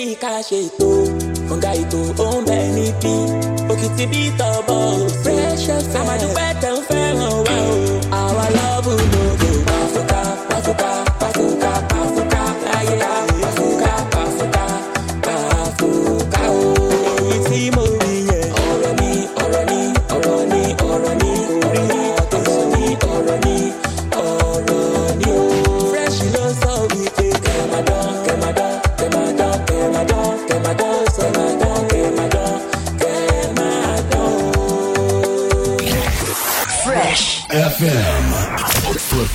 i ká ṣe ètò ọ̀gá ètò ó ń bẹ níbí òkìtì bí tọ̀bọ̀ fresh fm àmàdúpẹ́ tẹ̀ ń fẹ́.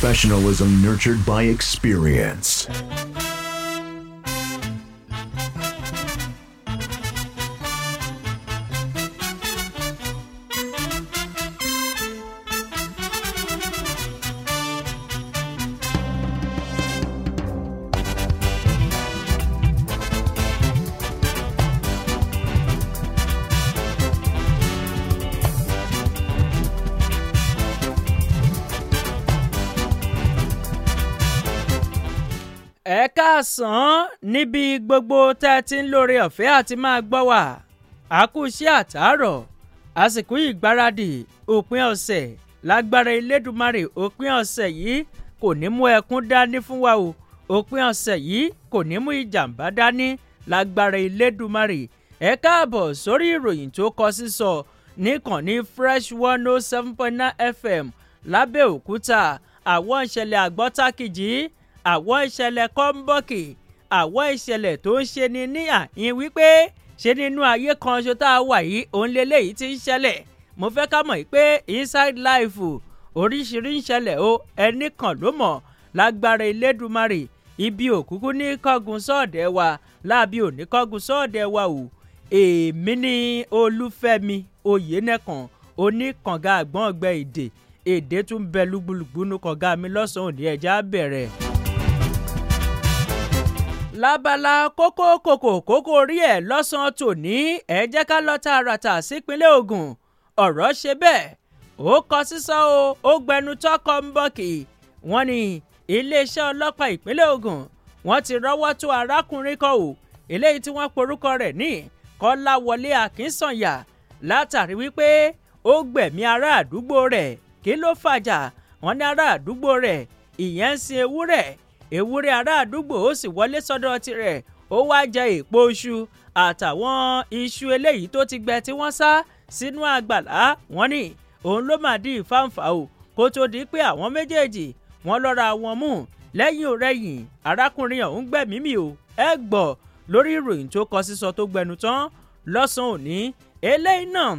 professionalism nurtured by experience. lọ́sàn-án níbi gbogbo tẹ́ ẹ ti ń lóore ọ̀fẹ́ àti máa gbọ́ wà àkúṣẹ́ àtàárọ̀ àsìkò ìgbáradì òpin ọ̀sẹ̀ lágbára Elédùmarè òpin ọ̀sẹ̀ yìí kò ní mú ẹkún dání fún wa o òpin ọ̀sẹ̀ yìí kò ní mú ìjàmbá dání lágbára Elédùmarè ẹ káàbọ̀ sórí ìròyìn tó kọ sísọ níkànnì fresh one oh seven point nine fm lábẹ́òkúta àwọn ìṣẹ̀lẹ̀ àgbọ́tàkìjì àwọn ìṣẹ̀lẹ̀ kọ́ńbọ̀kì àwọn ìṣẹ̀lẹ̀ tó ń ṣe ni ní àyín wípé ṣe nínú ayé kan ṣo tá a wà yìí òun leléyìí ti ń ṣẹlẹ̀ mo fẹ́ ká mọ̀ pé inside life oríṣiríṣi ìṣẹ̀lẹ̀ o ẹnì kan ló mọ̀ lágbára Elédùmarè ibi òkúkú ní kọ́gun sọ́ọ̀dẹ̀ wa láàbí òní kọ́gun sọ́ọ̀dẹ̀ wa o èmi ní Olúfẹ́mi Oyènẹ́kan oníkànga àgbọ̀ngbẹ èdè èdè tún bẹ lúgbúlùgbúnú kànga mi lọ́sàn-án òní ẹja bẹ̀rẹ̀ lábala kókó kòkò kókó orí ẹ̀ lọ́sàn-án tòní ẹ jẹ́ ká lọ tààràtà sípínlẹ̀ Ògùn ọ̀rọ̀ ṣe bẹ́ẹ̀ ó kọ sísọ o ó gbẹnu tọkọ ń bọ̀kì wọ́n ni iléeṣẹ́ ọlọ́pàá ìpínlẹ̀ Ògùn wọ́n ti rọ́wọ́ tó arákùnrin kan o eléyìí tí wọ́n porúkọ rẹ̀ ní Kọ́láwọlé Akínsànyà látàrí wípé ó gbẹ̀mí ará àdúgbò rẹ̀ kí ló fàjà wọ́n ní ará àdúgbò rẹ̀ ìyẹn ń sin ewúrẹ́ ewúrẹ́ ará àdúgbò ó sì wọlé sọ́dọ̀ tirẹ̀ ó wá jẹ èèpo iṣu àtàwọn iṣu eléyìí tó ti gbẹ tí wọ́n sá sínú àgbàlá wọn ni òun ló mà di ìfáǹfà o kó tó di pé àwọn méjèèjì wọ́n lọ́ra wọn mú lẹ́yìn òrẹ́yìn arákùnrin ọ̀hún gbẹ̀mímì o ẹ gbọ́ lórí ìròyìn tó kọ sísọ tó gbẹnu tán lọ́sàn-án òní eléyìí náà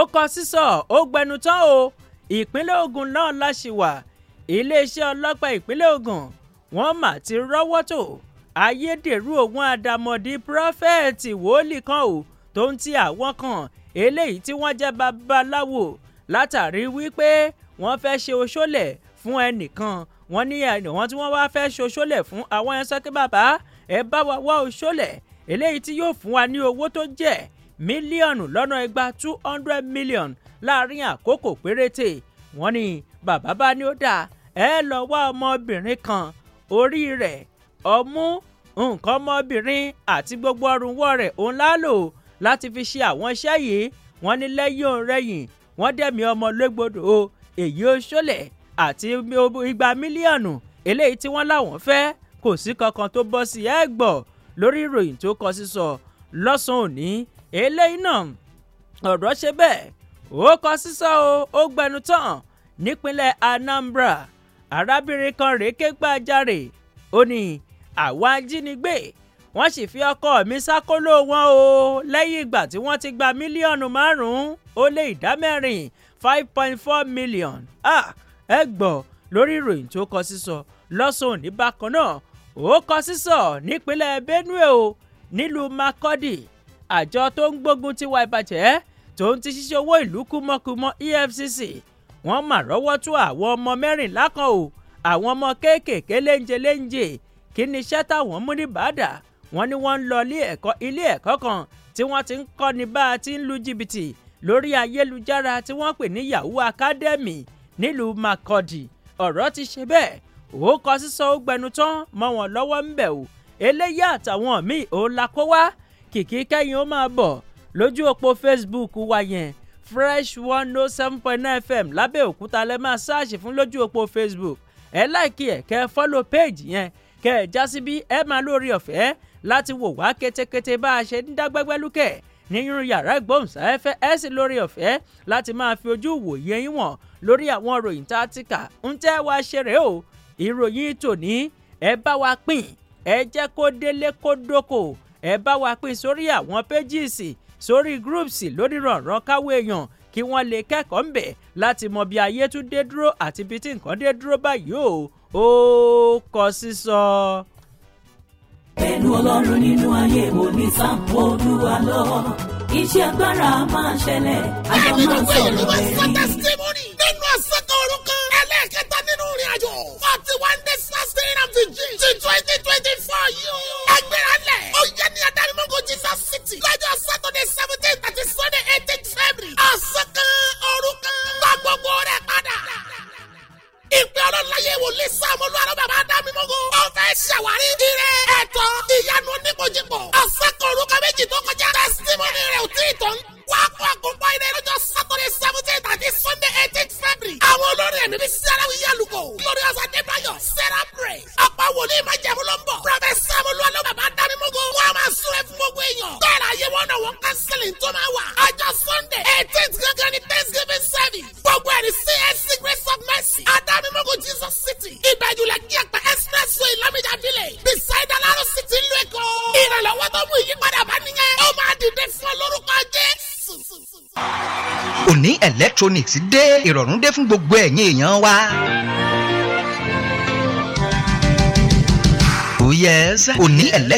ó kọ sísọ ó gbẹnu tán o ìpínlẹ̀ Ògùn náà láṣìwà iléeṣẹ́ ọlọ́pàá ìpínlẹ̀ Ògùn wọ́n mà ti rọ́wọ́ tó ayédèrú ògùn àdàmọ̀dì pírọ́fẹ́ẹ̀tì wòlíì kan ò tó ń ti àwọn kan eléyìí tí wọ́n jẹ́ babaláwo látàrí wípé wọ́n fẹ́ ṣe oṣólẹ̀ fún ẹnìkan wọ́n ní àwọn tí wọ́n wá fẹ́ ṣe oṣólẹ̀ fún àwọn ẹ̀ sọ́kí bàbá ẹ bá wa wá oṣólẹ̀ eléyìí tí yóò fún wa ní owó tó jẹ́ mílíọ̀nù lọ́nà igba two hundred million láàrin àkókò péréte wọ́n ní bàbá bá ní ó dáa ẹ lọ wá ọmọbìnrin kan orí rẹ̀ ọmú nǹkan ọmọbìnrin àti gbogbo ọrùnwọ́ rẹ̀ òun lálò láti fi ṣe àwọn iṣẹ́ yìí wọ́n ní lẹ́yìn òǹrẹ̀yìn wọ́n dẹ̀mí ọmọ lẹ́gbọ̀dọ̀ o èyí ó ṣọlẹ̀ àti igba mílíọ̀nù eléyìí tí wọ́n láwọn fẹ́ kò sí kankan tó bọ́ sí ẹ̀ gbọ̀ lórí ìròyìn tó kọ sísọ lọ́sàn-án òní eléyìí náà ọ̀rọ̀ ṣe bẹ́ẹ̀ ó kọ sísọ o ó gbẹnu tán nípínlẹ̀ Anambra arábìnrin kan rèé ké gbàjarè ó ní àwọn ajínigbé wọ́n sì fi ọkọ mi sákóló wọn o lẹ́yìn ìgbà tí wọ́n ti gba mílíọ̀nù márùn-ún ó lé ìdá five point four million ẹ gbọ́ lórí ìròyìn tó kọ sísọ lọ́sùn òní bákan náà ó kọ sísọ nípínlẹ̀ benue o nílùú makurdi àjọ tó ń gbógun tiwa ìbàjẹ́ tó ń ti ṣiṣẹ́ owó ìlú kúmọ́kúmọ́ efcc wọ́n mà rọ́wọ́ tú àwọn ọmọ mẹ́rìnlá kan o àwọn ọmọ kéékèèké léńjẹ léńjẹ kí ni iṣẹ́ táwọn mú ní bàdà wọ́n ní wọ́n ń lọ ilé ẹ̀kọ́ kan tí wọ́n ti ń kọ́ ni bá a ti ń lu jìbìtì lórí ayélujára tí wọ́n pè ní Yahoo Academy nílùú Makurdi ọ̀rọ̀ ti ṣe bẹ́ẹ̀ ó kọ sísọ ó gbẹnu tán mọ́ wọn lọ́wọ́ ń bẹ̀ o eléyìí àtàwọn míì òun la kó wá kìkì kẹ́yìn ó máa bọ̀ lójú òpó Facebook wa yẹn fresh one oh seven point nine fm lábẹ́òkúta lẹ́ máa ṣáàṣì fún lójú òpó facebook ẹ láìkí ẹ kẹ fọ́lọ̀ péèjì yẹn kẹ ẹ já síbí ẹ máa lórí ọ̀fẹ́ láti wò wá kétékété bá a ṣe ń dágbẹ́gbẹ́lúkẹ̀ nínú yàrá ìgbóhùnsáfẹ́fẹ́ ẹ sì lórí ọ̀fẹ́ láti máa fi ojú wòye yín wọ̀n lórí àwọn ìròyìn tá a ti kà ń tẹ́ wá ṣe rèé o ìròyìn tòní ẹ bá wa pín ẹ jẹ́ kó délé kó dóko ẹ bá wa pín sórí àwọn péjìsì sórí gúrúùsì lónìrànràn káwé èèyàn kí wọ́n lè kẹ́kọ̀ọ́ ńbẹ̀ láti mọ bí ayé tún dé dúró àti bí tí nǹkan dé dúró báyìí o ó kọ sísọ. pẹ̀lú ọlọ́run nínú ayé mo ní sáǹpù olúwa lọ iṣẹ́ agbára máa ṣẹlẹ̀ àjọ máa sọ̀rọ̀ ẹ̀rí. nínú àṣekọ̀ orúkọ ẹlẹ́ẹ̀kẹta nínú ìrìn àjò forty one days last day of the gym twenty twenty four yìí Fásitì lọ́jọ́ Sátọ́dẹ̀ seventeen àti Sọ́dẹ̀ eighteen February. Ọ̀sán kan òru kan gba gbogbo rẹ̀ padà. Ìpè ọlọ́láyé wòlé Sáàmù Olúwarọ̀ bàbá Adámi Mọ́gò. Ó fẹ́ ṣàwárí ire ẹ̀tọ́ ìyanu oníkojúpọ̀. Ọ̀sán kan òru kan méjì tó kọjá. Tẹ́sítímọ́nì rẹ̀ ò tí ì tán. Wá kó àkókò ilé lọ́jọ́ Sátọ́dẹ̀ seventeen àti Sọ́dẹ̀ eighteen February. Àwọn olórin ẹ̀mí bí Sẹ́ráwì Yálùkò. Glorious Adébáyọ̀ Sẹ́rábrẹ̀. Ọ̀pá wòlíì máa jẹ́ electronics dé ìrọ̀rùn dé fún gbogbo ẹ̀yin èèyàn wa. Oh yes, òní electronics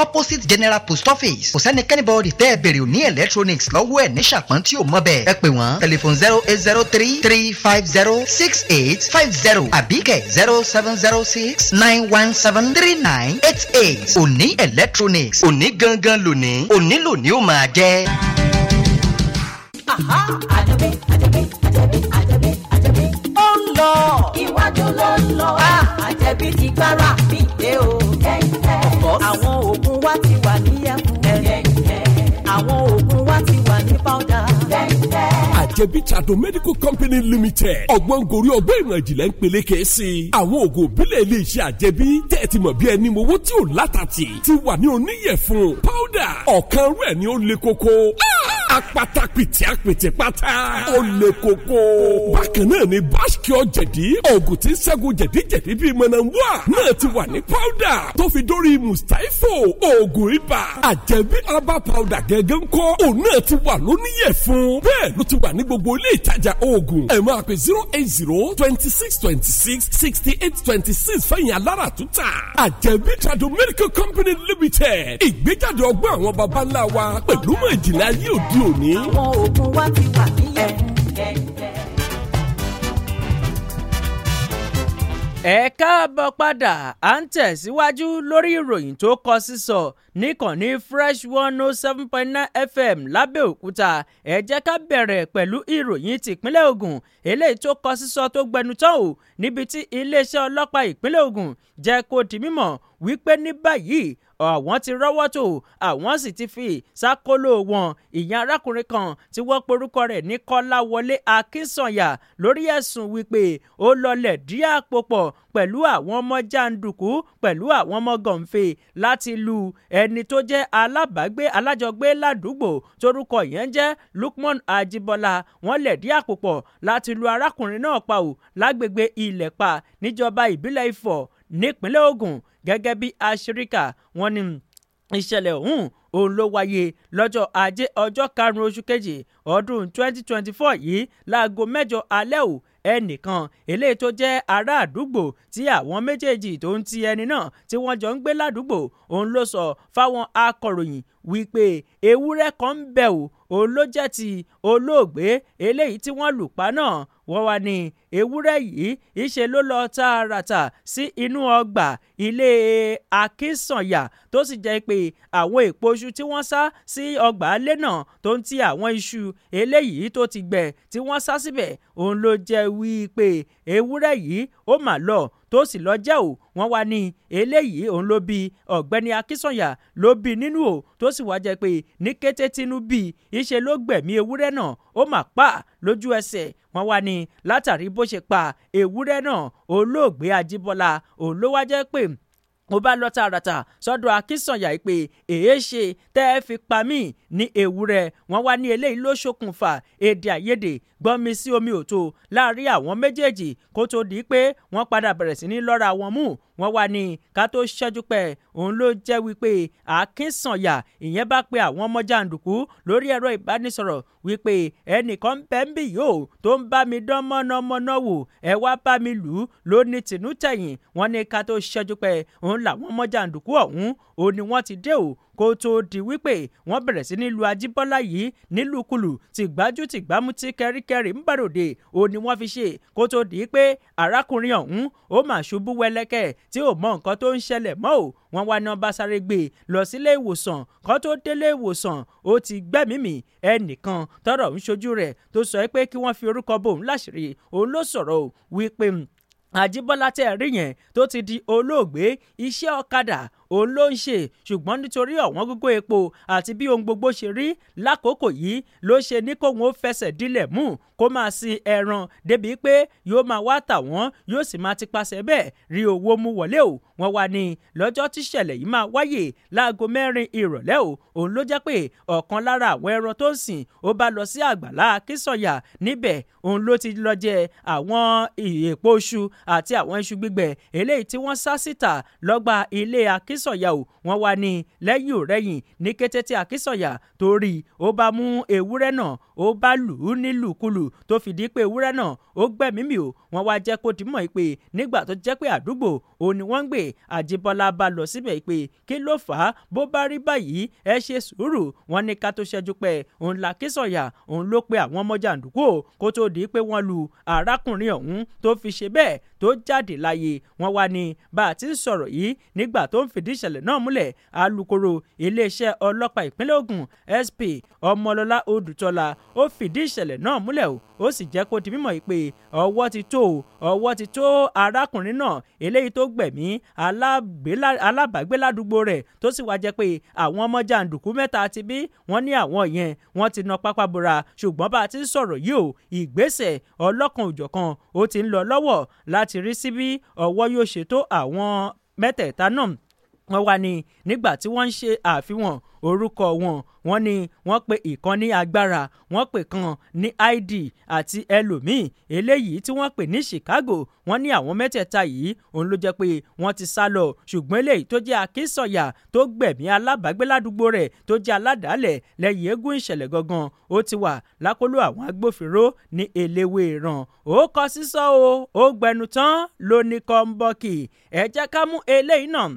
opposite general post office kò sẹ́ni kẹ́nìbọ̀dì tẹ́ ẹ bèrè ní electronics lọ́wọ́ ẹ̀ ní ṣàpọ́n tí o mọ̀ bẹ́ẹ̀ ẹ pè wọ́n tẹlifon zero eight zero three three five zero six eight five zero àbíkẹ́ zero seven zero six nine one seven three nine eight eight òní electronics òní gangan lónìí òní lónìí ó máa jẹ́. àjẹbí àjẹbí àjẹbí àjẹbí àjẹbí ó ń lọ iwájú ló ń lọ àjẹbí ah, ti gbára mi dé o. àwọn òògùn Ìjẹ̀bí Trado Medical Company Limited ọ̀gbọ́n gorí ọgbẹ́ ìmọ̀ ìjìnlẹ̀ ń peléke sí i. Àwọn oògùn òbílẹ̀ ilé iṣẹ́ àjẹbí tẹ̀ ti mọ̀ bí ẹni mowó tí ò látàtì ti wà ní oníyẹ̀fun powder ọ̀kan rẹ̀ ni ó le koko. Ah! apata pìtì apìtì pata. ó le koko. bákan náà ni báṣkì ọ̀jẹ̀dí oògùn tí ṣẹ́gun jẹ̀díjẹ̀dí bíi mọ̀nàmúà náà ti wà ní pọ́dà tó fi dórí mustapho oògùn ibà àjẹbí herbal powder gẹ́gẹ́ ń kọ́ òun náà ti wà lóníyẹ̀ fún. bẹ́ẹ̀ ló ti wà ní gbogbo ilé ìtajà oògùn ẹ máa pè zero eight zero twenty six twenty six sixty eight twenty six fẹ̀yìn alára tuta àjẹbí tradu medical company limited ìgbéjáde ọgbọ́n àwọn baba ńlá wa pẹ̀lú mọ̀ ìjìnlẹ̀ ayé òdu òde òní. àwọn oògùn wa ti wà nílẹ̀ kẹ̀kẹ́. ẹ káàbọ̀ padà à ń tẹ̀síwájú lórí ìròyìn tó kọ sísọ níkànnì fresh one oh seven point nine fm lábẹ́òkúta ẹ jẹ́ ká bẹ̀rẹ̀ pẹ̀lú ìròyìn tìpínlẹ̀ Ògùn eléyìí tó kọ sísọ tó gbẹnu tán o níbi tí iléeṣẹ́ ọlọ́pàá ìpínlẹ̀ Ògùn jẹ́ kó di mímọ̀ wípé ní báyìí àwọn ah, ti rọ́wọ́ tó àwọn ah, sì ti fi sákóló wọn ìyẹn arákùnrin kan tí wọ́n porúkọ rẹ̀ ní kọ́láwọlé akínsànyà lórí ẹ̀sùn wípé ó lọlẹ̀ dí àpò pọ̀ pẹ̀lú àwọn ọmọ jàǹdùkú pẹ̀lú àwọn ọmọ gànfẹ́ láti lu ẹni tó jẹ́ alábàágbé alájọgbé ládùúgbò torúkọ yẹn jẹ́ Lukman Ajibola wọ́n lẹ̀ dí àpò pọ̀ láti lu arákùnrin náà pa ò lágbègbè Ìlẹ̀pà níjọba ìbílẹ̀ Ifọ̀ nípínlẹ̀ Ògùn gẹ́gẹ́ bí àṣíríkà wọn ni ìṣẹ̀lẹ̀ ọ̀hún òun ló wáyé lọ́jọ́ ajé ọjọ́ karùn-ún oṣù kejì ọdún 2024 yìí láago mẹ́jọ alẹ́ ò ẹnìkan eléyìí tó jẹ́ ará àdúgbò tí àwọn méjèèjì tó ń ti ẹni náà tí wọ́n jọ ń gbé ládùúgbò òun ló sọ fáwọn akọ̀ròyìn wípé ewúrẹ́ kan ń bẹ̀ ò òun ló jẹ́ ti olóògbé eléyìí tí wọ́n lù pa náà wọ́n wá ní ewúrẹ́ yìí ìṣe ló lọ tààràtà sí inú ọgbà ilé akínsànyà tó sì jẹ́ pé àwọn èèpo iṣu tí wọ́n sá sí ọgbà alẹ́ náà tó ń ti àwọn iṣu eléyìí tó ti gbẹ tí wọ́n sá síbẹ̀ òun ló jẹ́ wí pé ewúrẹ́ yìí ó mà lọ tó sì lọ jẹ́ ò wọ́n wá ní eléyìí òun ló bí ọ̀gbẹ́ni akínsọ̀yà ló bí nínú ò tó sì wá jẹ́ pé ní kété tínú bí ìṣe ló gbẹ̀mí ewúrẹ́ náà ó mà pa lójú ẹsẹ̀ wọ́n wá ní látàrí bó ṣe pa ewúrẹ́ náà olóògbé ajíbọ́lá òun ló wá jẹ́ pé mo bá lọ tààràtà sọ́dọ̀ akínsànyà pé èé ṣe tẹ́ ẹ fi pa mí ní ewúrẹ́ wọ́n wá ní eléyìí ló ṣokùnfà èdè àìyedè gbọ́nmi sí omi òtó láàrin àwọn méjèèjì kó tó di pé wọ́n padà bẹ̀rẹ̀ sí ní lọ́ra wọn mú wọ́n wá ní ká tó ṣẹ́jú pẹ́ òun ló jẹ́ wípé akínsànyà ìyẹn bá pe àwọn ọmọ jàǹdùkú lórí ẹ̀rọ ìbánisọ̀rọ̀ wípé ẹnìkan bẹ́ẹ̀ ń bì yóò tó ń bá mi dán mọ́nàmọ́ná wò ẹ wá bá mi lù ú ló ní tìǹú tẹ̀yìn wọn ní ká tó ṣẹ́jú pẹ́ òun làwọn mọ́jàǹdùkú ọ̀hún òun ni wọ́n ti dé o kó tó di wípé wọ́n bẹ̀rẹ̀ sí ní lu Ajíbọ́lá yìí nílùkulù tìgbájú tìgbámú tí kẹ́ríkẹ́rí ń bàròdè O ni wọ́n fi ṣe kó tó di pé arákùnrin ọ̀hún ó mà ṣubú wẹlẹ́kẹ̀ tí ò mọ nǹkan tó ń ṣẹlẹ̀ mọ́ ò wọ́n wá náà bá sáré gbé e lọ sílé ìwòsàn kan tó délé ìwòsàn ó ti gbẹ́mìímì ẹnìkan tọ́rọ̀ ń ṣojú rẹ̀ tó sọ pé kí wọ́n fi orúkọ bòun láṣìírí òun ló sọ̀rọ̀ wípé Àjíbọ́lá tẹ́ yẹn tó ti di olóògbé iṣẹ́ ọ̀kadà òun ló ń ṣe ṣùgbọ́n nítorí ọ̀wọ́n gógó epo àti bí ohun gbogbo ṣe rí lákòókò yìí ló ṣe ní kóun ó fẹsẹ̀ dílẹ̀ mú kó máa sin ẹran débìí pé yóò máa wá tà wọ́n yóò sì máa ti pasẹ̀ bẹ́ẹ̀ rí owó mú wọlé o wọ́n wá ní lọ́jọ́ tíṣẹ̀lẹ̀ yìí máa wáyè láago mẹ́rin ìrọ̀lẹ́ o òun ló jẹ́ pé ọ̀kan lára àwọn ẹran tó ń sìn ó bá lọ sí àgbàlá kísọ̀yà níbẹ̀ òun ló ti lọ jẹ àwọn èèpo iṣu àti àwọn iṣu gbígbẹ eléyìí tí wọ́n sá síta lọ́gbà ilé akís akínsọ̀yà o wọ́n wá ní lẹ́yìn ò rẹ́yìn ní kété tí akínsọ̀yà torí ó bá mú ewúrẹ́ náà ó bá lù ú nílùkulù tó fi di pé ewúrẹ́ náà ó gbẹ̀mí mi ò wọ́n wá jẹ́ kó di mọ̀ pé nígbà tó jẹ́ pé àdúgbò òun ni wọ́n ń gbé àjíbọ́lá bá lọ síbẹ̀ pé kí ló fà á bó bá rí báyìí ẹ ṣe sùúrù wọ́n ní ká tó ṣẹ́jú pẹ́ òun la kí sọ̀yà òun ló pe àwọn ọmọ jàǹdùkú kó tó di pé wọ́n lu arákùnrin ọ̀hún tó fi ṣe bẹ́ẹ̀ tó jáde láyé wọ́n wá ní bá a ti ń sọ̀rọ̀ yìí nígbà tó ń fìdí ìṣẹ̀lẹ̀ náà múlẹ̀ alukoro iléeṣẹ́ ọlọ́pàá ìpínlẹ̀ Ògùn SP Ọmọlọ́lá Odùtọ́lá ó fìdí ìṣẹ̀lẹ̀ náà múlẹ̀ o ó sì jẹ́ kó di mímọ̀ pé ọwọ́ ti tó o ọwọ́ ti tó arákùnrin náà eléyìí tó gbẹ̀mí alábàágbé ládùúgbò rẹ̀ tó sì wá jẹ́ pé àwọn ọmọ jàǹdùkú mẹ́ta ti bí wọ́n ní àwọn yẹn wọ́n ti na pápá bora ṣùgbọ́n bá a ti ń sọ̀rọ̀ yìí o ìgbésẹ̀ ọlọ́kan òjọ̀kan ó ti ń lọ lọ́wọ́ láti rí síbí ọwọ́ yóò ṣètò àwọn mẹ́tẹ̀ẹ̀ta náà wọ́n wá ní nígbà tí wọ́n ń ṣe àfihàn orúkọ wọn wọ́n ní wọ́n pe ìkan ní agbára wọ́n pe kan ní id àti ẹlòmíì eléyìí tí wọ́n pè ní Chicago wọ́n ní àwọn mẹ́tẹ̀ẹ̀ta yìí òun ló jẹ́ pé wọ́n ti sá lọ ṣùgbọ́n eléyìí tó jẹ́ akínsọ̀yà tó gbẹ̀mí alábàágbé ládùúgbò rẹ̀ tó jẹ́ aládàálẹ̀ lẹ́yìn eégún ìṣẹ̀lẹ̀ gangan ó ti wà lákọlò àwọn agbófinró ní eléwé ìran ó kọ sísọ o ó gbẹnu tán ló ní kọ́ńbọ́ọ̀kì ẹ ká mú eléyìí náà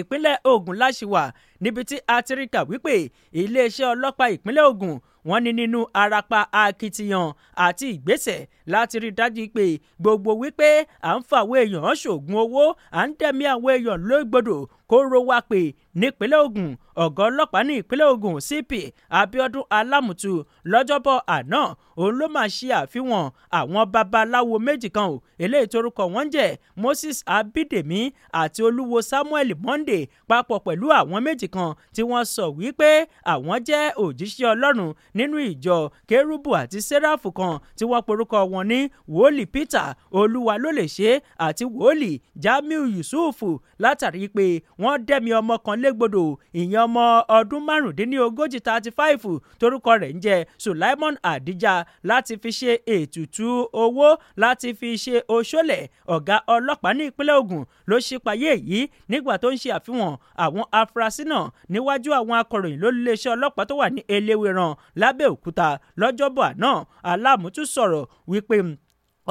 ìpínlẹ̀ ogun la ṣì wà níbi tí a ti rí kà wípé iléeṣẹ́ ọlọ́pàá ìpínlẹ̀ Ògùn wọ́n ní nínú arapa akitiyan àti ìgbésẹ̀ láti rí dájú pé gbogbo wípé à ń fa àwọn èèyàn ṣògùn owó à ń dẹ̀mí àwọn èèyàn lógbodò kó ro wa pé nípínlẹ̀ Ògùn ọ̀gá ọlọ́pàá ní ìpínlẹ̀ Ògùn CP Abíọ́dún Alámùtù lọ́jọ́bọ̀ àná òun ló máa ṣe àfihàn àwọn babaláwo méjì kan ò eléyìí torúkọ wọn ń jẹ́ Moses Abídèmí àti Olúwo Samuel Monday papọ̀ pẹ̀lú àwọn méjì kan tí wọ́n sọ wípé àwọn jẹ́ òjíṣẹ́ Ọlọ́run nínú ìjọ kérúbù àti sẹ́ráfù kan tí wọ́n porúkọ wọn ní wòlíì peter olúwa ló lè ṣe àti wòlíì jamiu yusufu látàrí pé wọ́n dẹ́mi ọmọ kan légbodò ìyẹn ọmọ ọdún márùndínlógójì thirty five torúkọ rẹ̀ ń jẹ́ sulaimon adija láti fi ṣe ètùtù owó láti fi ṣe oṣólẹ̀ ọ̀gá ọlọ́pàá ní ìpínlẹ̀ Ògùn ló ṣípayé yìí nígbà tó ń ṣe àfihàn àwọn afurasí náà níwájú àwọn akọ̀ròyìn lólùléeṣẹ́ ọlọ́pàá tó wà ní eléwéran lá lábẹ́òkúta lọ́jọ́bọ̀ àná aláàmútú sọ̀rọ̀ wípé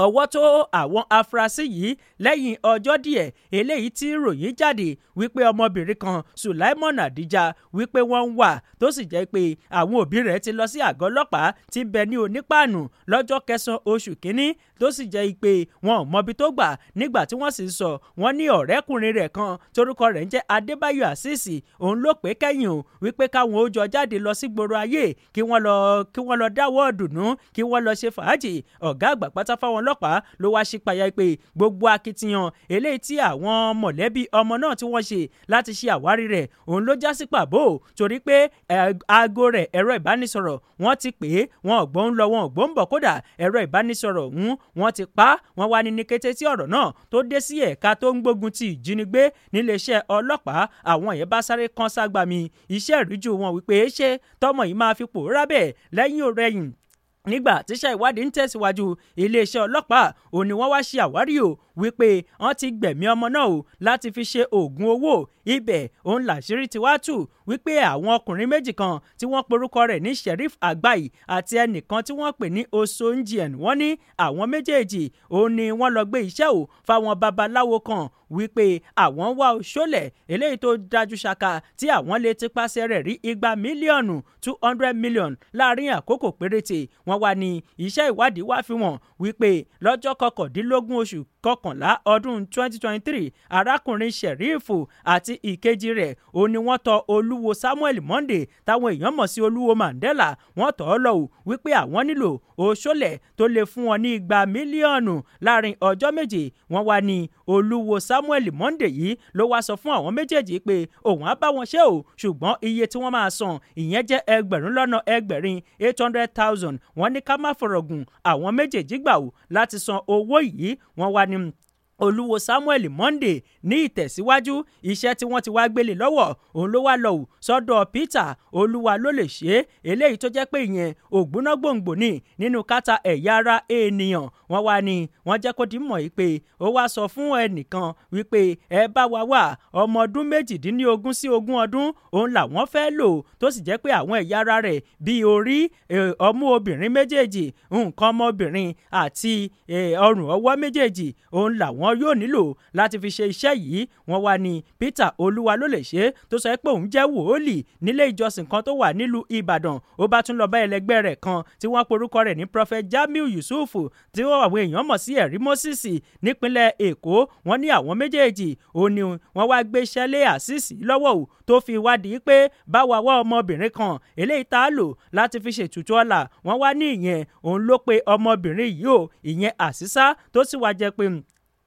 ọwọ́ tó àwọn afurasí yìí lẹ́yìn ọjọ́ díẹ̀ eléyìí tí ròyìn jáde wípé ọmọbìnrin kan Sulaimon Adija wípé wọ́n ń wà tó sì jẹ́ pé àwọn òbí rẹ̀ ti lọ sí àgọ́ ọlọ́pàá ti bẹ ní onípàànù lọ́jọ́ kẹsàn-án oṣù kínní tó sì jẹ́ pé wọn ò mọbi tó gbà nígbà tí wọ́n sì ń sọ wọ́n ní ọ̀rẹ́kùnrin rẹ̀ kan torúkọ rẹ̀ ń jẹ́ Adébáyọ̀ Àṣìṣì òun ló pé kẹ́yìn o wípé káwọn ó jọ jáde lọ sí gbòòrò ayé kí wọ́n lọ kí wọ́n lọ dáwọ́ ọ̀dùnnú kí wọ́n lọ ṣe fàájì ọ̀gá àgbà pátá fáwọn ọlọ́pàá ló wá ṣípayá pé gbogbo akitiyan eléyìí tí àwọn mọ̀lẹ́bí ọmọ náà tí wọ́n ṣe láti ṣe àwárí rẹ̀ òun ló já sí pàbó torí pé aago rẹ̀ ẹ̀rọ ìbánisọ̀rọ̀ wọ́n ti pè é wọn ò gbóhùn lọ wọn ò gbóhùn bọ̀ kódà ẹ̀rọ ìbánisọ̀rọ̀ wọ́n ti pa á wọ́n wá ní ní kété tí ọ̀rọ̀ náà tó dé sí ẹ̀ka tó ń gbógun ti ìjínigbé níléeṣẹ́ ọlọ́pàá àwọn yẹn bá sáré kan ságbá mi iṣẹ́ ìríjú wọn wípé ṣé tọmọ yìí máa fi pòórá bẹ́ẹ̀ lẹ́yìn ọ̀rẹ́yìn nígbà tíṣẹ́ ìwádìí ń tẹ̀síwájú iléeṣẹ́ ọlọ́pàá òní wọ́n wá ṣe àwárí o wípé wọ́n ti gbẹ̀mí ọmọ náà o láti fi ṣe oògùn owó ibẹ̀ òun làṣírí ti wá tù wípé àwọn ọkùnrin méjì kan tí wọ́n porúkọ rẹ̀ ní Sheriff Agbayi àti ẹnìkan tí wọ́n pè ní Osonjian wọ́n ní àwọn méjèèjì òun ni wọ́n lọ gbé iṣẹ́ o fáwọn babaláwo kan wípé àwọn wá oṣólẹ̀ eléyìí tó dájú ṣaka tí àwọn lè ti pàṣẹ rẹ̀ rí igba mílíọ̀nù two hundred million láàrin àkókò péréte wọ́n wá ní iṣẹ́ ìwádìí wá fi wọ́n wípé lọ́jọ́ kọkàndínlógún oṣù kọkànlá ọdún 2023 arákùnrin sherifu àti ìkejì rẹ̀ ó ní wọ́n tọ olúwo samuel monday táwọn èèyàn mọ̀ sí olúwo mandela wọ́n tọ̀ ọ́ lọ ò wípé àwọn nílò òṣòlẹ̀ tó lè fún wọn ní igba mílíọ̀nù láàrin ọjọ́ méje wọ́n wá ní olúwo samuel monday yìí ló wá sọ fún àwọn méjèèjì pé òun á bá wọn ṣe ò ṣùgbọ́n iye tí wọ́n máa san ìyẹn jẹ́ ẹgbẹ̀rún lọ́nà ẹgbẹ̀rin eight hundred thousand wọ́n ní ká má fọ̀rọ̀gùn àwọn méjèèjì gbà ò láti san owó yìí wọ́n wá ní Um. olúwo samuel monday ní ìtẹ̀síwájú iṣẹ́ tí wọ́n ti wá gbélé lọ́wọ́ òun ló wá lọ wù sọ́dọ̀ peter olúwa ló lè ṣe é eléyìí tó jẹ́ pé ìyẹn ògbóná gbòǹgbò ni nínú kátà ẹ̀yà ara ènìyàn wọ́n wá ní wọ́n jẹ́ kó di mọ̀ yìí pé ó wá sọ fún ẹnìkan wípé ẹ bá wa wà ọmọ ọdún méjìdínlógún sí ogún ọdún òun làwọn fẹ́ lò tó sì jẹ́ pé àwọn ẹ̀yà ara rẹ̀ bíi orí ọmú obìnrin méjèèjì nǹkan ọmọbìnrin àwọn yóò nílò láti fi ṣe iṣẹ́ yìí wọ́n wá ní Peter Olúwa ló lè ṣe tó sọ pé òun jẹ́ wòólì nílé ìjọsìn kan tó wà nílùú Ìbàdàn ó bá tún lọ bá ẹlẹgbẹ́ rẹ̀ kan tí wọ́n porúkọ rẹ̀ ní Prophet Jamiu Yusuf tí àwọn èèyàn mọ̀ sí ẹ̀rí Moses nípínlẹ̀ Èkó wọ́n ní àwọn méjèèjì ó ní wọ́n wá gbé iṣẹ́ lé àṣìṣì lọ́wọ́ ò tó fi wádìí pé báwa wá ọmọbìnrin kan eléyìí tá a lò láti fi ṣètùtù ọ̀la wọ́n wá ní ìyẹn òun ló pe ọmọbìnrin yìí ò ìyẹn àṣìṣá tó sì wá jẹ́ pé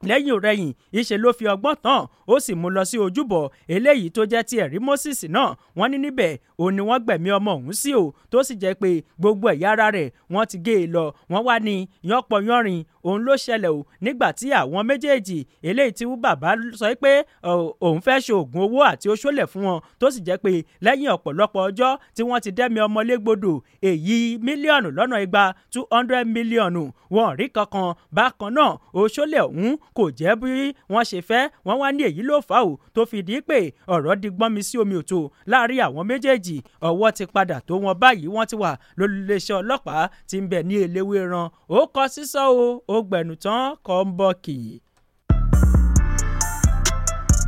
lẹ́yìn ọ̀rẹ́yìn ìṣe ló fi ọgbọ́n tán ó sì mú lọ sí ojúbọ eléyìí tó jẹ́ ti ẹ̀rí moses náà wọ́n ní níbẹ̀ òun ni wọ́n gbẹ̀mí ọmọ ọ̀hún sí o tó sì jẹ́ pé gbogbo ẹ̀yà ara rẹ̀ wọ́n ti gé e lọ wọ́n wá ní yánpọ̀ òun ló ṣẹlẹ̀ o nígbà tí àwọn méjèèjì eléyìí tí bàbá sọ pé òun fẹ́ ṣe oògùn owó àti oṣólẹ̀ fún wọn tó sì jẹ́ pé lẹ́yìn ọ̀pọ̀lọpọ̀ ọjọ́ tí wọ́n ti dẹ́mi ọmọlégbodò èyí mílíọ̀nù lọ́nà igba two hundred mílíọ̀nù wọn rí kankan bákan náà oṣólẹ̀ ọ̀hún kò jẹ́ bí wọ́n ṣe fẹ́ wọ́n wá ní èyí ló fà ó tó fi di pé ọ̀rọ̀ di gbọ́nmi sí omi òtò láàrin àwọn méjèèjì ọwọ́ ti padà tó wọn báyìí wọ́n ti wà lólùléṣẹ́ ọlọ́pàá ti ń bẹ ní eléwéran ó kọ sísọ o ó gbẹ̀nù tán kọ́ ń bọ̀ kì í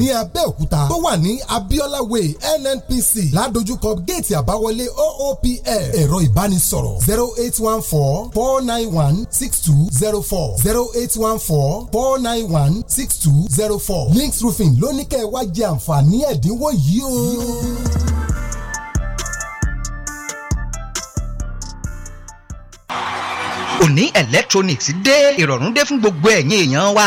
ní abẹ́òkúta tó wà ní abiola way nnpc ládojúkọ géètì àbáwọlé oopf ẹ̀rọ ìbánisọ̀rọ̀ zero eight one four four nine one six two zero four zero eight one four four nine one six two zero four links roofing lóníkẹ́ kẹ́ ẹ wá jẹ àǹfààní ẹ̀dínwó yìí o. òní electronics dé ìrọ̀rùn dé fún gbogbo ẹ̀yin èèyàn wa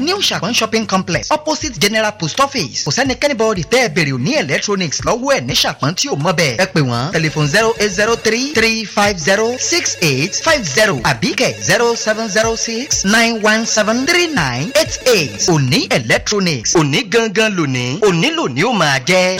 new Ṣàpọ́n shopping complex opposite general post office kò sẹ́ni kẹ́nìbọ̀dì tẹ́ ẹ bèrè ní electronics lọ́wọ́ ẹ̀ ní Ṣàpọ́n tí ò mọ̀ bẹ́ẹ̀ ẹ pè wọ́n tẹlifon zero eight zero three three five zero six eight five zero àbíkẹ́ zero seven zero six nine one seven three nine eight eight òní electronics òní gangan lónìí òní lónìí ó máa jẹ́.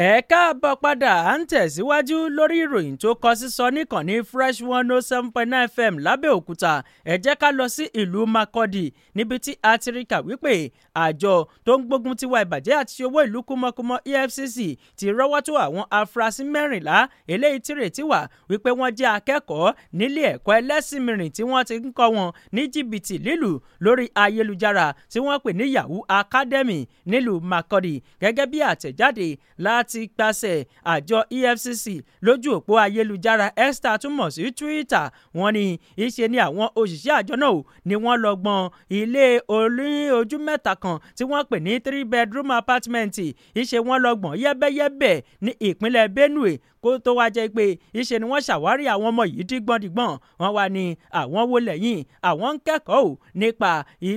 ẹ káàbọ̀ padà à ń tẹ̀síwájú lórí ìròyìn tó kọ sísọ níkànnì fresh one oh seven point nine fm lábẹ́òkúta ẹ jẹ́ ká lọ sí ìlú Makurdi níbi tí a ti rí kà wípé àjọ tó ń gbógun tiwa ìbàjẹ́ àti owó ìlú kúmọ́kúmọ́ EFCC ti rọ́wọ́ tó àwọn afurasí mẹ́rìnlá eléyìí tìrètí wà wípé wọ́n jẹ́ akẹ́kọ̀ọ́ nílé ẹ̀kọ́ ẹlẹ́sìn mìrìn tí wọ́n ti ń kọ́ wọn ní jìbìtì lílù lórí ayélujára tí wọ́n pè ní Yahoo Academy nílùú Makurdi gẹ́gẹ́ bí àtẹ̀jáde láti láti gbàṣẹ àjọ EFCC lójú òpó ayélujára X tá a tún mọ̀ sí Twitter wọ́n ní ìṣe ni àwọn òṣìṣẹ́ àjọ náà ni wọ́n lọ gbọ́n ilé olójú mẹ́ta kan tí wọ́n pè ní three bedroom apartment ìṣe wọ́n lọ gbọ́n yẹ́bẹ́yẹ́bẹ́ ní ìpínlẹ̀ Benue kó tó wá jẹ́ pé ìṣe ni wọ́n ṣàwárí àwọn ọmọ yìí dígbọ́ndígbọ́n wọ́n wá ní àwọn wo lẹ́yìn àwọn ń kẹ́kọ̀ọ́ ò nípa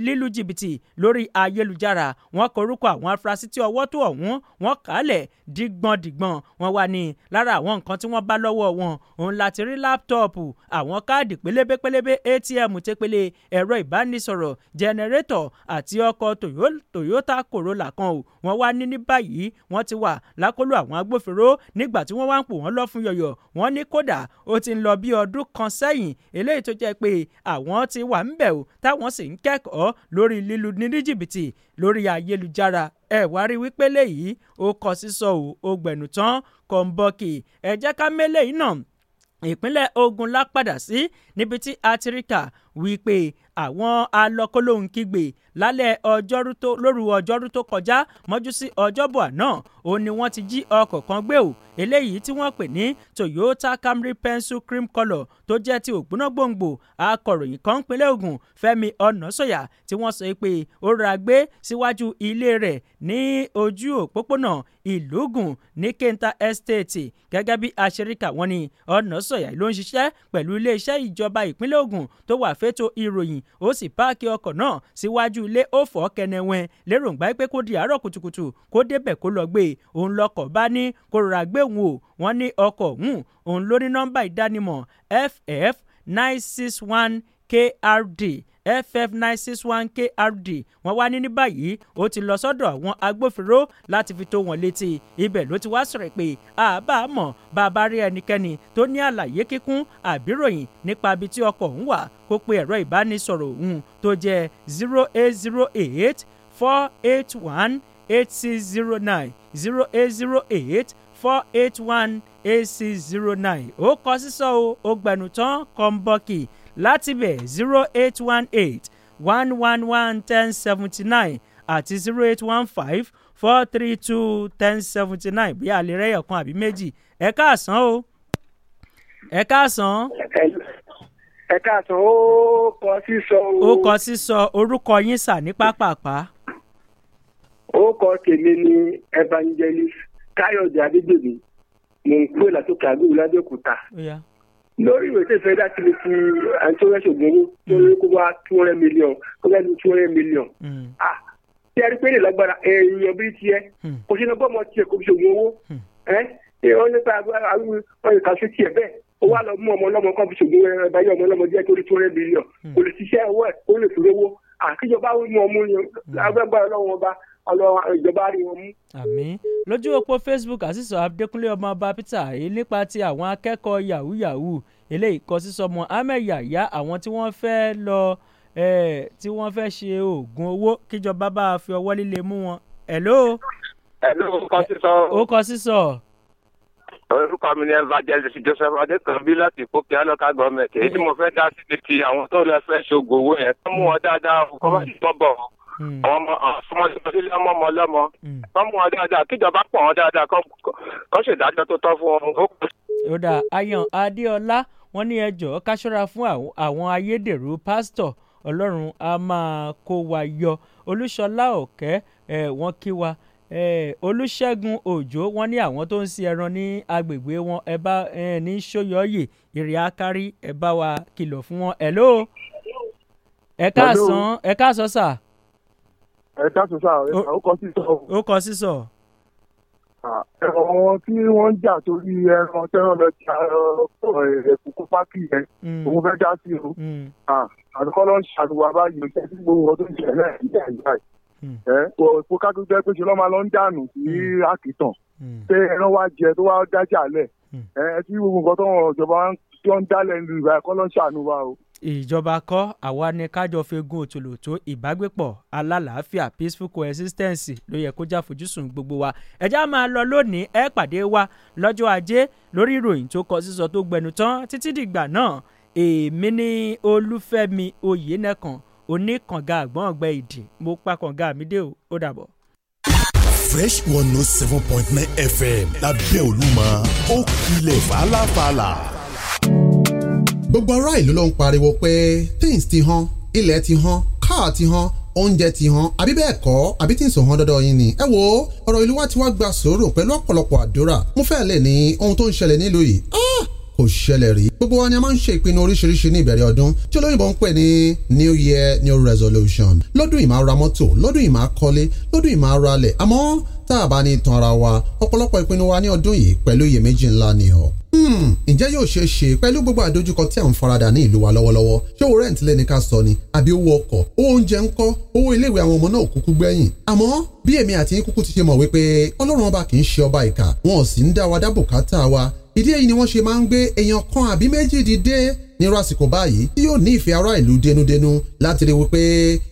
lílu jìbìtì lórí ayélujára wọ́n korúkọ àwọn afurasí tí ọwọ́ tó ọ̀hún wọ́n kàálẹ̀ dìgbọ̀ndìgbọ̀n wọn wà ní lára àwọn nǹkan tí wọ́n bá lọ́wọ́ wọn òun láti rí láptọ̀pù àwọn káàdì pélébépélébé atm tépele ẹ̀rọ ìbánisọ̀rọ̀ jẹnẹrétọ̀ àti ọkọ̀ toyota corolla kan o wọ́n wá ní ní báyìí wọ́n ti wà lákọlò àwọn agbófinró nígbà tí wọ́n wá ń pò wọ́n lọ fún yọ̀yọ̀ wọ́n ní kódà ó ti ń lọ bí ọdún kan sẹ́yìn eléyìí tó jẹ́ pé àwọn ti wà ń bẹ̀ o táwọn sì ń kẹ́kọ̀ọ́ lórí lílu ní jìbìtì lórí ayélujára ẹ wá rí wípé léyìí ó kọ sísọ ò ó gbẹ̀nù tán kọ̀ǹbọ̀kì ẹ jẹ́ ká mélèyí náà ìpínlẹ̀ ogun lápadà sí níbi tí atiríkà wípé àwọn alọ́kólóhùn kígbe lálẹ́ ọjọ́rú tó lóru ọjọ́rú tó kọjá mọ́jú sí ọjọ́bọ̀ àná òun ni wọ́n ti jí ọkọ̀ kan gbé o eléyìí tí wọ́n pè ní Toyota Camry pencil cream color tó jẹ́ ti ògbónàgbòǹgbò akọ̀ròyìn kan pínlẹ̀ Ògùn Fẹ́mi Ọ̀nàsọ̀yà tí wọ́n sọ pé ó ra gbé síwájú ilé rẹ̀ ní ojú òpópónà Ìlúgùn ní Kenta Estate gẹ́gẹ́ bí aṣeríkà wọn ni Ọ̀nàsọ̀yà ló ń ṣiṣẹ́ pẹ̀lú iléeṣẹ́ ìjọba ìpínlẹ̀ Ògùn tó wà fétò ìròyìn ó sì páàkì ọkọ̀ náà síwájú ilé ó fọ́ kẹnẹwẹn lérògbà pé kó di àárọ̀ kùtùkùtù kó débẹ̀ kó lọ gbé e. òun lọkọ̀ bá ní kó rọra gbé òun o wọ́n ní ọkọ̀ òun òun ló ní nọ́mbà ìdánimọ̀ ff nine six one krd ff 961 krd wọ́n wá ní ní báyìí ó ti lọ sọ́dọ̀ àwọn agbófinró láti fi tó wọn létí ibẹ̀ ló ti wá sọ̀rọ̀ pé àbámọ̀ bàbá rí ẹnikẹ́ni tó ní àlàyé kíkún àbíròyìn nípa ibi tí ọkọ̀ ń wà kó pe ẹ̀rọ ìbánisọ̀rọ̀ òun tó jẹ́ zero eight zero eight four eight one eight six zero nine zero eight zero eight four eight one eight six zero nine ó kọ sísọ o ó gbẹnu tán kọ́ńbọ́ọ̀kì látibẹ̀ zero eight one eight one one one ten seventy nine àti zero eight one five four three two ten seventy nine bí alẹ́ rẹ̀ yọ̀kan àbí méjì ẹ káàsán o ẹ káàsán ẹ káàsán ó kọ sísọ o. ó kọ sísọ orúkọ yín sà ní pápápá. ó kọ tèmi ní evangelist káyọ̀dé adégbèmí mò ń pè látòkè àgbèwò ládẹ́kúta lórí ìwé tí ìfẹ́dá ti lè fi àǹtọ́rẹ́ ṣògbónú tó ní kó wá two hundred million kó wá lu two hundred million. Hmm. tí a rí pé èèyàn lágbára èèyàn bí tiẹ̀ hmm. kò sí lọ́gbọ́n mọ́ tiẹ̀ kò fi ṣògbón owó ó nípa àwọn ìkàṣù tiẹ̀ bẹ́ẹ̀ ó wá lọ mú ọmọ ọlọ́mọ kan fi ṣògbón ẹran ẹ̀bá yẹ ọmọ ọlọ́mọ jẹ́ torí two hundred million hmm. kò lè ṣiṣẹ́ owó ẹ̀ kó lè fi rówó àkíjọba ó mú ọmú yẹn agbẹ́gbẹ́ ọlọ́wọ́n ọba ọlọ́run ìjọba rí wọn mú. àmín lójú òpó facebook àṣìṣọ adékúnlé ọmọ ọba peter èyí nípa ti àwọn akẹ́kọ̀ọ́ yahoo yahoo eléyìí kọ sísọmọ ahmed yahya àwọn tí wọ́n fẹ́ lọ tí wọ́n fẹ́ ṣe oògùn owó kíjọba bá a fi ọwọ́ líle mú wọn. hello. hello kọ sísọ. ó kọ sísọ. orúkọ mi ni evangelist joseph adékànbí láti ìkókè alọ́ka gọ́ọ̀mẹ̀tì èyí tí mo fẹ́ dá sí ti àwọn tó lọ fẹ́ ṣoògùn owó yẹn tó mú wọn dáadáa kọ́ bá ti tọ́ bọ̀ Hmm. àwọn ọmọ àsọmọdé ọmọ ọlọmọ kán hmm. mú wọn dáadáa kíjọba pọ̀ wọn dáadáa kán ṣèdájọ́ tó tọ́ fún wọn. ó dà ayan adéọlá wọn ní ẹjọ́ ká ṣọ́ra fún àwọn ayédèrú pásítọ̀ ọlọ́run a máa kó wa yọ olúṣọlá ọ̀kẹ́ ẹ̀ wọ́n kí wa olùṣègùn òjò wọn ní àwọn tó ń sin ẹran ní agbègbè wọn ẹ bá ní sọyọyè ìrìn akárí ẹ bá wa kìlọ̀ fún wọn. ẹ ló ẹ káàsán ẹ káàsán sà ẹ dáṣọ sáà ó kọ sísọ. ó kọ sísọ. ẹ̀rọ tí wọ́n ń jà torí ẹran tẹ́ràn lọ jà eh, ẹ̀kúkú pákì yẹn mm. òun fẹ́ dá sí o. Mm. àdúgbò ló ń ṣàdùwà báyìí ó jẹ́ sí gbogbo ọdún ìṣẹ̀lẹ̀ náà ní yìí. Mm. ẹ kó kákúndé pé ṣe ló máa lọ ń dànù sí àkìtàn pé ẹran wá jẹ tó wá dájà lẹ̀ ẹ tí gbogbo nǹkan tó ń jọba tó ń dálẹ̀ ń lu ìgbà ẹ̀kọ́ ló ń ṣàánú o ìjọba kọ́ àwa ni kájọ fegun òtòlò tó ìbágbépọ̀ alálàáfíà peaceful coexistence ló yẹ kó jáfojúsùn gbogbo wa ẹjẹ́ á máa lọ lónìí ẹ pàdé wa lọ́jọ́ ajé lórí ìròyìn tó kọ sísọ tó gbẹnu tán títí dìgbà náà èmi ní olúfẹ́mi oyènẹ́kan oníkànga àgbọ̀n ọ̀gbẹ́ ìdì mo pa kànga mi dé o dàbọ̀. fresh one note oh seven point nine fm lábẹ́ olúmọ ó kilẹ̀ fàlàfàlà gbogbo ará ìlú ló ń pariwo pé things ti hàn ilẹ̀ ti hàn káà ti hàn oúnjẹ ti hàn àbí bẹ́ẹ̀ kọ́ àbí tí ń sòhàn dandan yín ni. ẹ wo ọ̀rọ̀ ìlú wa ti wá gba sòrò pẹ̀lú ọ̀pọ̀lọpọ̀ àdúrà mo fẹ́ lè ní ohun tó ń ṣẹlẹ̀ nílùú yìí ah! kò ṣẹlẹ̀ rí. gbogbo wa ni a máa ń ṣe ìpinnu oríṣiríṣi ní ìbẹ̀rẹ̀ ọdún tí olóyìnbó ń pè ní new year new resolution lọ́dún yìí máa ra mọ́tò lọ́dún yìí máa kọ́lé lọ́dún yìí máa ralẹ̀ àmọ́ tá a bá ní tan ara wa ọ̀pọ̀lọpọ̀ ìpinnu wa ní ọdún yìí pẹ̀lú iyèméjì ńlá ni o Hmm, ǹjẹ́ yóò ṣe é ṣe pẹ̀lú gbogbo àdójúkọ tí à ń faradà ní ìlú wa lọ́wọ́lọ́wọ́ ṣé owó rẹ̀ǹtì lẹ́ni ká sọ ni àbí owó ọkọ̀ owó oúnjẹ ń kọ́ owó iléèwé àwọn ọmọ náà kúkú gbẹ̀yìn àmọ́ bí èmi àti yín kúkú ti ṣe mọ̀ wípé ọlọ́run ọba kì í ṣe ọba ìkà wọn ò sì ń dá wa dá bùkátà wa ìdí èyí ni wọ́n ṣe máa ń gbé èèyàn kan àbí méjì dìde nírú àsìkò báyìí tí yóò ní ìfẹ́ ará ìlú dénúdénú láti rí wípé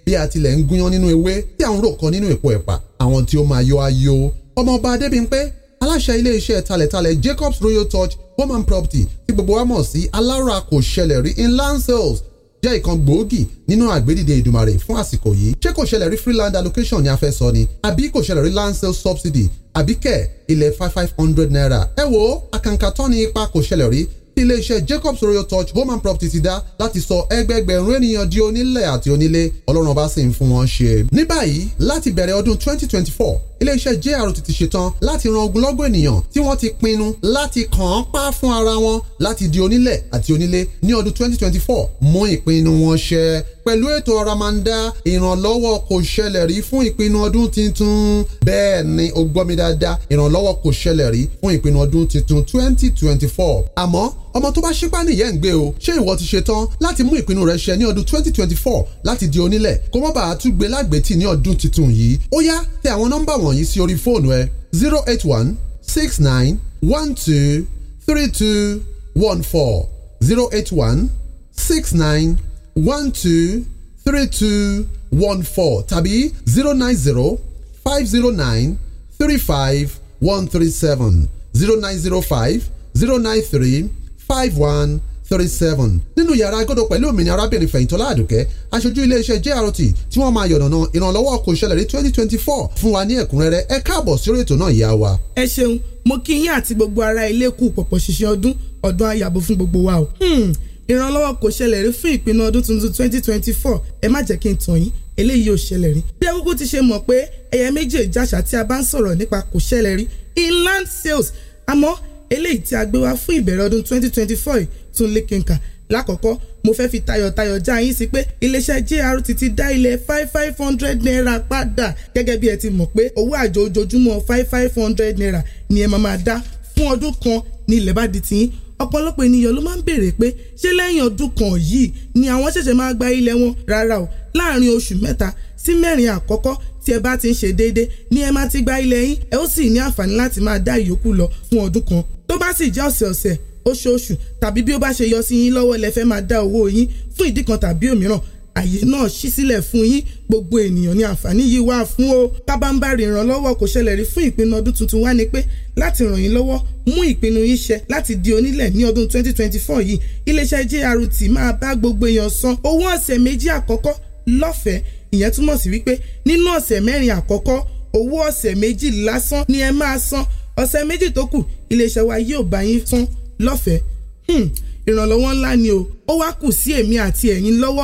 bí a tilẹ̀ ń gúnyán nínú ewé tí à ń rò kan nínú èpo ẹ̀pà àwọn tí ó máa yọ ayọ̀ ọmọọba Adébímpé aláṣẹ iléeṣẹ́ talẹ̀talẹ̀ Jacob's Royal Touch home and property tí gbogbo wa mọ̀ sí alára kò ṣẹlẹ̀ rí in land sales jẹ́ ìkan gbòógì nínú àgbédìde ìdùmarè fún àsìkò yìí ṣé kò ṣẹlẹ̀ rí free land allocation ni a fẹ́ sọ ni àbí kò ṣẹlẹ̀ rí land sales subsidy àbí kẹ̀ ilẹ̀ five five hundred naira ẹ wo àkàǹkà tán ni ipa kò ṣẹlẹ̀ rí tí iléeṣẹ́ Jacob's Royal Touch home and property ti dá láti sọ ẹgbẹẹgbẹ̀rún ènìyàn di onílẹ̀ àti onílé ọlọ́run ọba sì ń fún wọn ṣe. ní báyìí láti bẹ̀rẹ̀ ọdún twenty twenty four iléeṣẹ́ JRT ti ṣetán láti ran ogunlọ́gọ̀ ènìyàn tí wọ́n ti pinnu láti kàn án pa fún ara wọn láti di onílẹ̀ àti onílé ní ọdún 2024 mú ìpinnu wọn ṣẹ pẹ̀lú ètò ọ̀ramandá ìrànlọ́wọ́ kò ṣẹlẹ̀ rí fún ìpinnu ọdún tuntun bẹ́ẹ̀ ni o gbọ́ mi dáadáa ìrànlọ́wọ́ kò ṣẹlẹ̀ rí fún ìpinnu ọdún tuntun 2024 àmọ́ ọmọ tó bá ṣípá nìyẹn ń gbé o ṣé ìwọ ti ṣe tán láti mú ìpinnu rẹ ṣẹ ní ọdún 2024 láti di onílẹ̀ kó má bàa tún gbé lágbètì ní ọdún tuntun yìí ó yá tẹ àwọn nọ́mbà wọ̀nyí sí orí fóònù ẹ 081 69 12 32 14 081 69 12 32 14 tàbí 090 509 35 137 0905 093 five one thirty seven nínú yàrá agodo pẹ̀lú òmìnira arábìnrin fẹ̀yìntọ́lá àdùkẹ́ aṣojú iléeṣẹ́ JRT tí wọ́n máa yọ̀nàna ìrànlọ́wọ́ kò ṣẹlẹ̀ rí twenty twenty four fún wa ní ẹ̀kúnrẹ́rẹ́ ẹ káàbọ̀ sórí ètò náà ìyá wa. ẹ ṣeun mo kí yín àti gbogbo ara ilé kú pọ̀pọ̀ ṣiṣẹ́ ọdún ọdún ayàbò fún gbogbo wa o. Hmm. ìrànlọ́wọ́ kò ṣẹlẹ̀ rí fún ìpinnu ọdún tuntun twenty twenty four ẹ má jẹ́ kí n tàn yín eléyìí ò ṣẹlẹ̀ rí. bí akókó ti ṣe mọ̀ pé ẹ̀yà méjì ìjàṣà tí a bá ń sọ̀rọ̀ nípa kò ṣẹlẹ̀ rí inland sales àmọ́ eléyìí tí a gbé wá fún ìbẹ̀rẹ̀ ọdún 2024 tún lékenkà lákọ̀ọ́kọ́ mo fẹ́ fi tayọ̀tayọ̀ já yín sí pé iléeṣẹ́ JRT ti dá ilẹ̀ five five hundred naira padà gẹ́gẹ́ bí ẹ ti mọ̀ pé owó àjọ ojoojúmọ́ five five hundred naira ni ẹ máa máa dá fún ọdún kan ní ilẹ̀ bá di tiyín ọ̀pọ̀lọpọ̀ ènìyàn ló máa ń béèrè pé ṣé lẹ́yìn ọdún kan yìí ni àwọn ṣẹ̀ṣẹ̀ máa gba ilẹ̀ wọn rárá o láàrin oṣù mẹ́ta sí mẹ́rin àkọ́kọ́ tí ẹ bá ti ń ṣe déédéé ni ẹ máa ti gba ilẹ̀ yín ẹ ó sì ní àǹfààní láti máa dá ìyókù lọ fún ọdún kan tó bá sì jẹ́ ọ̀sẹ̀ọ̀sẹ̀ oṣooṣù tàbí bí ó bá ṣe yọ sí yín lọ́wọ́ lẹ fẹ́ máa dá owó yín fún ìdí kan tàbí òmíràn àyè náà ṣí sílẹ̀ fún yín gbogbo ènìyàn ní àǹfààní yìí wà fún o pábánbárì ìrànlọ́wọ́ kò ṣẹlẹ̀ rí fún ìpinnu ọdún tuntun wá ni pé láti ràn yín lọ́wọ́ mú ìpinnu yín ṣẹ láti di onílẹ̀ ní ọdún 2024 yìí iléeṣẹ́ JRT máa bá gbogbo èèyàn san owó ọ̀sẹ̀ méjì àkọ́kọ́ lọ́fẹ̀ẹ́ ìyẹn túmọ̀ sí wípé nínú ọ̀sẹ̀ mẹ́rin àkọ́kọ́ owó ọ̀sẹ̀ méjì lásán ni ẹ máa san ọ̀sẹ̀ méjì tó kù iléeṣẹ́ wa yóò bá yín fún lọ́fẹ̀ẹ́ hmm, ìrànlọ́wọ́ ńlá ni o ó wá kù sí èmi àti ẹ̀yin lọ́wọ́